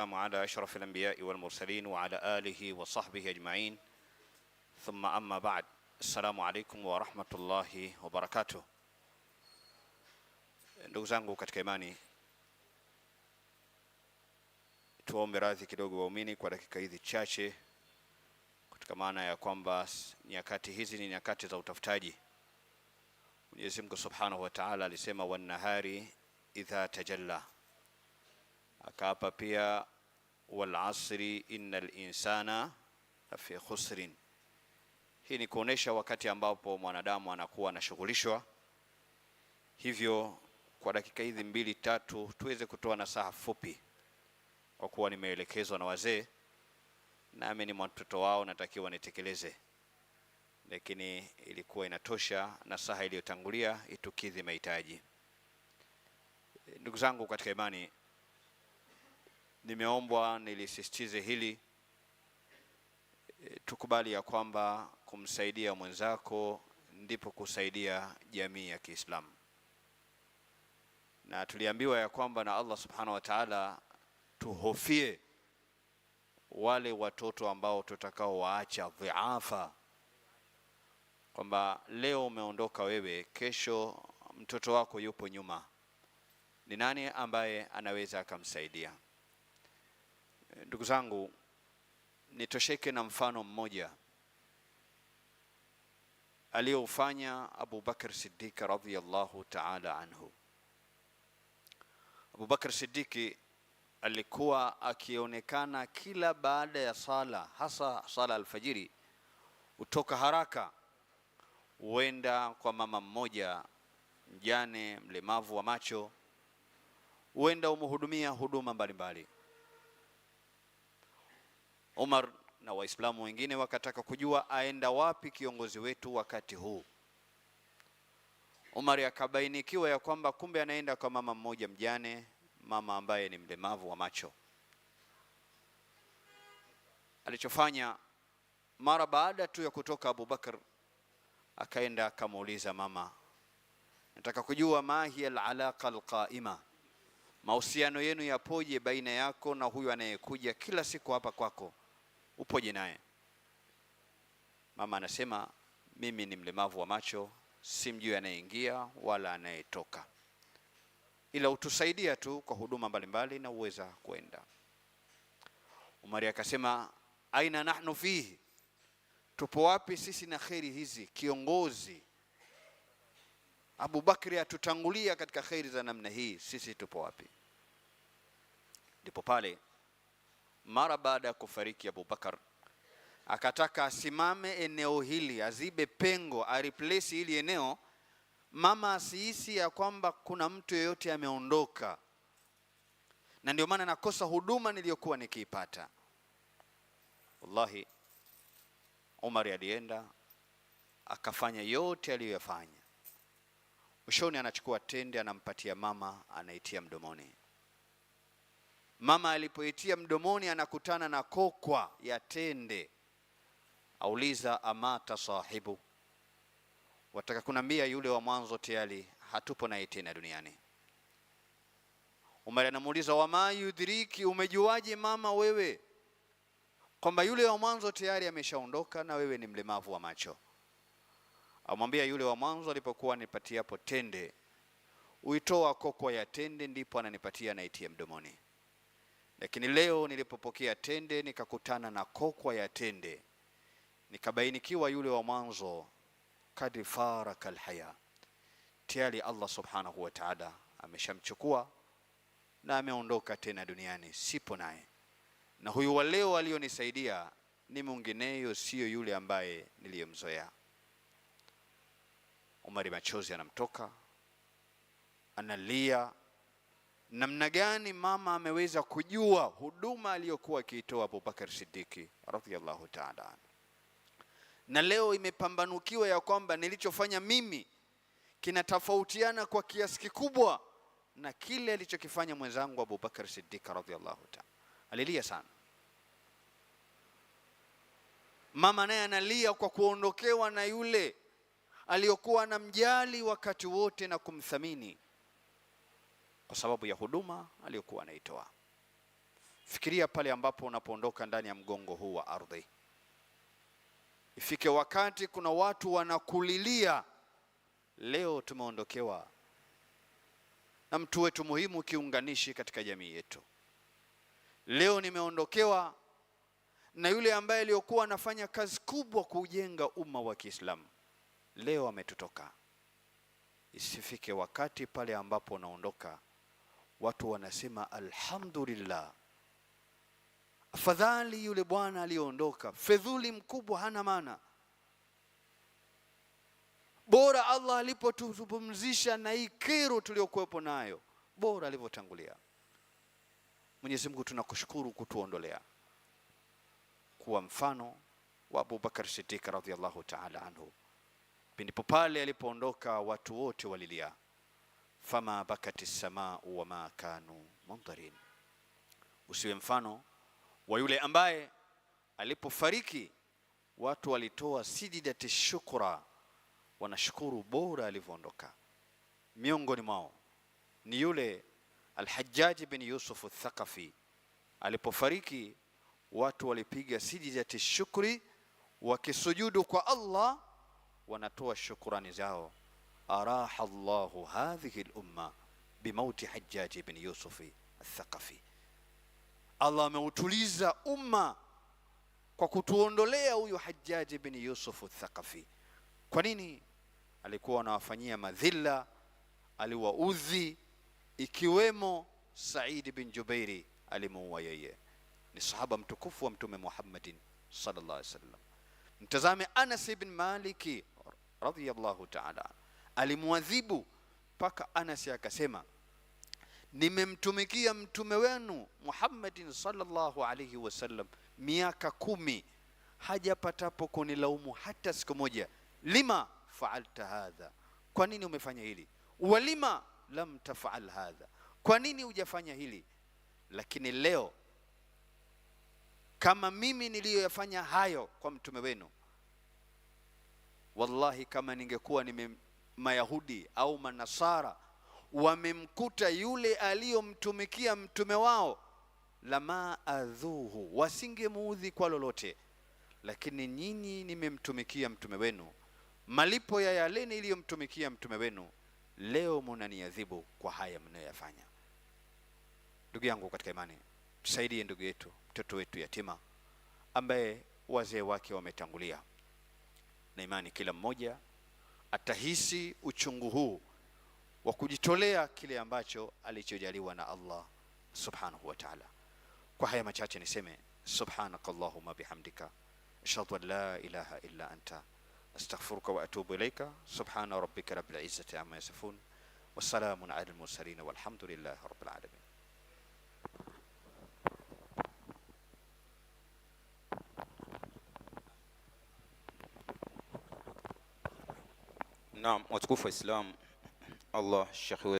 على أشرف الأنبياء والمرسلين وعلى آله وصحبه أجمعين ثم أما بعد السلام alaikum ورحمة الله وبركاته Ndugu zangu katika imani, tuombe radhi kidogo waumini kwa dakika hizi chache, katika maana ya kwamba nyakati hizi ni nyakati za utafutaji. Mwenyezi Mungu Subhanahu wataala alisema, wanahari idha tajalla, akaapa pia wal asri innal insana lafi khusrin. Hii ni kuonesha wakati ambapo mwanadamu anakuwa anashughulishwa. Hivyo kwa dakika hizi mbili tatu tuweze kutoa nasaha fupi, kwa kuwa nimeelekezwa na wazee nami ni mtoto wao, natakiwa nitekeleze, lakini ilikuwa inatosha nasaha iliyotangulia itukidhi mahitaji. Ndugu zangu katika imani nimeombwa nilisisitize hili eh, tukubali ya kwamba kumsaidia mwenzako ndipo kusaidia jamii ya Kiislamu, na tuliambiwa ya kwamba na Allah subhanahu wa ta'ala, tuhofie wale watoto ambao tutakao waacha dhiafa, kwamba leo umeondoka wewe, kesho mtoto wako yupo nyuma. Ni nani ambaye anaweza akamsaidia? Ndugu zangu, nitosheke na mfano mmoja aliyoufanya Abu Bakr Siddiq radhiyallahu ta'ala anhu. Abu Bakr Siddiq alikuwa akionekana kila baada ya sala, hasa sala alfajiri, hutoka haraka huenda kwa mama mmoja mjane mlemavu wa macho, huenda umhudumia huduma mbalimbali mbali umar na Waislamu wengine wakataka kujua aenda wapi kiongozi wetu wakati huu. umar akabainikiwa ya kwamba kumbe anaenda kwa mama mmoja mjane, mama ambaye ni mlemavu wa macho. Alichofanya mara baada tu ya kutoka Abubakar, akaenda akamuuliza mama, nataka kujua ma hiya alalaqa alqaima, mahusiano yenu yapoje baina yako na huyu anayekuja kila siku hapa kwako upoje naye? Mama anasema mimi ni mlemavu wa macho, simjui anayeingia wala anayetoka, ila utusaidia tu kwa huduma mbalimbali na uweza kwenda. Umari akasema aina nahnu fihi, tupo wapi sisi na kheri hizi? Kiongozi Abubakri atutangulia katika kheri za namna hii, sisi tupo wapi? Ndipo pale mara baada ya kufariki Abubakar, akataka asimame eneo hili, azibe pengo, ariplesi hili eneo, mama asihisi ya kwamba kuna mtu yeyote ameondoka, na ndio maana nakosa huduma niliyokuwa nikiipata. Wallahi, Umar alienda akafanya yote aliyoyafanya. Mwishoni anachukua tende, anampatia mama, anaitia mdomoni. Mama alipoitia mdomoni, anakutana na kokwa ya tende, auliza amata sahibu, wataka kunambia yule wa mwanzo tayari hatupo naye tena duniani. Umar anamuuliza wama yudhiriki, umejuaje mama wewe kwamba yule wa mwanzo tayari ameshaondoka na wewe ni mlemavu wa macho? Amwambia yule wa mwanzo alipokuwa anipatiapo tende, uitoa kokwa ya tende, ndipo ananipatia naitia mdomoni. Lakini leo nilipopokea tende nikakutana na kokwa ya tende, nikabainikiwa yule wa mwanzo, kadri faraka alhaya, tayari Allah subhanahu wa ta'ala ameshamchukua na ameondoka tena duniani, sipo naye. Na huyu wa leo aliyonisaidia ni mwingineyo, siyo yule ambaye niliyemzoea. Umari machozi anamtoka analia namna gani mama ameweza kujua huduma aliyokuwa akiitoa Abubakar Siddiqi radhiallahu taala na leo imepambanukiwa ya kwamba nilichofanya mimi kinatofautiana kwa kiasi kikubwa na kile alichokifanya mwenzangu Abubakar Siddiq radhiallahu taala. Alilia sana mama, naye analia kwa kuondokewa na yule aliyokuwa anamjali wakati wote na kumthamini kwa sababu ya huduma aliyokuwa anaitoa. Fikiria pale ambapo unapoondoka ndani ya mgongo huu wa ardhi, ifike wakati kuna watu wanakulilia, leo tumeondokewa na mtu wetu muhimu, kiunganishi katika jamii yetu. Leo nimeondokewa na yule ambaye aliyokuwa anafanya kazi kubwa kuujenga umma wa Kiislamu, leo ametutoka. Isifike wakati pale ambapo unaondoka watu wanasema alhamdulillah. Afadhali yule bwana aliyoondoka, fedhuli mkubwa hana maana. Bora Allah alipotupumzisha na hii kero tuliyokuwepo nayo, bora alivyotangulia. Mwenyezi Mungu tunakushukuru kutuondolea kuwa mfano wa Abubakar Siddiq radhiallahu ta'ala anhu, pindipo pale alipoondoka watu wote walilia fama bakati samau wama kanu mundharin, usiwe mfano wa yule ambaye alipofariki watu walitoa sijidati shukra, wanashukuru bora alivyoondoka. Miongoni mwao ni yule Alhajaji bin Yusuf Athaqafi, alipofariki watu walipiga sijidati shukri, wakisujudu kwa Allah wanatoa shukurani zao araha Allahu hadhihi lumma bimauti Hajjaji ibn Yusufi Athaqafi, Allah ameutuliza umma kwa kutuondolea huyu Hajjaji ibn yusufu thaqafi Kwa nini? Alikuwa anawafanyia madhila, aliwaudhi, ikiwemo Saidi bin Jubairi alimuua yeye, ni sahaba mtukufu wa Mtume Muhammadin sallallahu alaihi wasallam. Mtazame Anas ibn Maliki radhiyallahu ta'ala alimwadhibu mpaka Anas akasema, nimemtumikia mtume wenu Muhammadin sallallahu alayhi wasallam miaka kumi, hajapatapo kunilaumu hata siku moja. Lima faalta hadha, kwa nini umefanya hili? Walima lam tafal hadha, kwa nini hujafanya hili? Lakini leo kama mimi niliyoyafanya hayo kwa mtume wenu, wallahi kama ningekuwa nime Mayahudi au Manasara wamemkuta yule aliyomtumikia mtume wao, lama adhuhu, wasingemuudhi kwa lolote, lakini nyinyi nimemtumikia mtume wenu, malipo ya yale niliyomtumikia mtume wenu, leo munaniadhibu kwa haya mnayoyafanya. Ndugu yangu katika imani, tusaidie ndugu yetu, mtoto wetu yatima ambaye wazee wake wametangulia, na imani kila mmoja atahisi uchungu huu wa kujitolea kile ambacho alichojaliwa na Allah subhanahu wa ta'ala. Kwa haya machache niseme subhanakallahumma bihamdika ashhadu an la ilaha illa anta astaghfiruka wa atubu ilaika subhana rabbika rabbil izzati amma yasifun wassalamun ala al mursalin walhamdulillahi rabbil alamin. Naam, watukufu wa Islam, Allah shekhi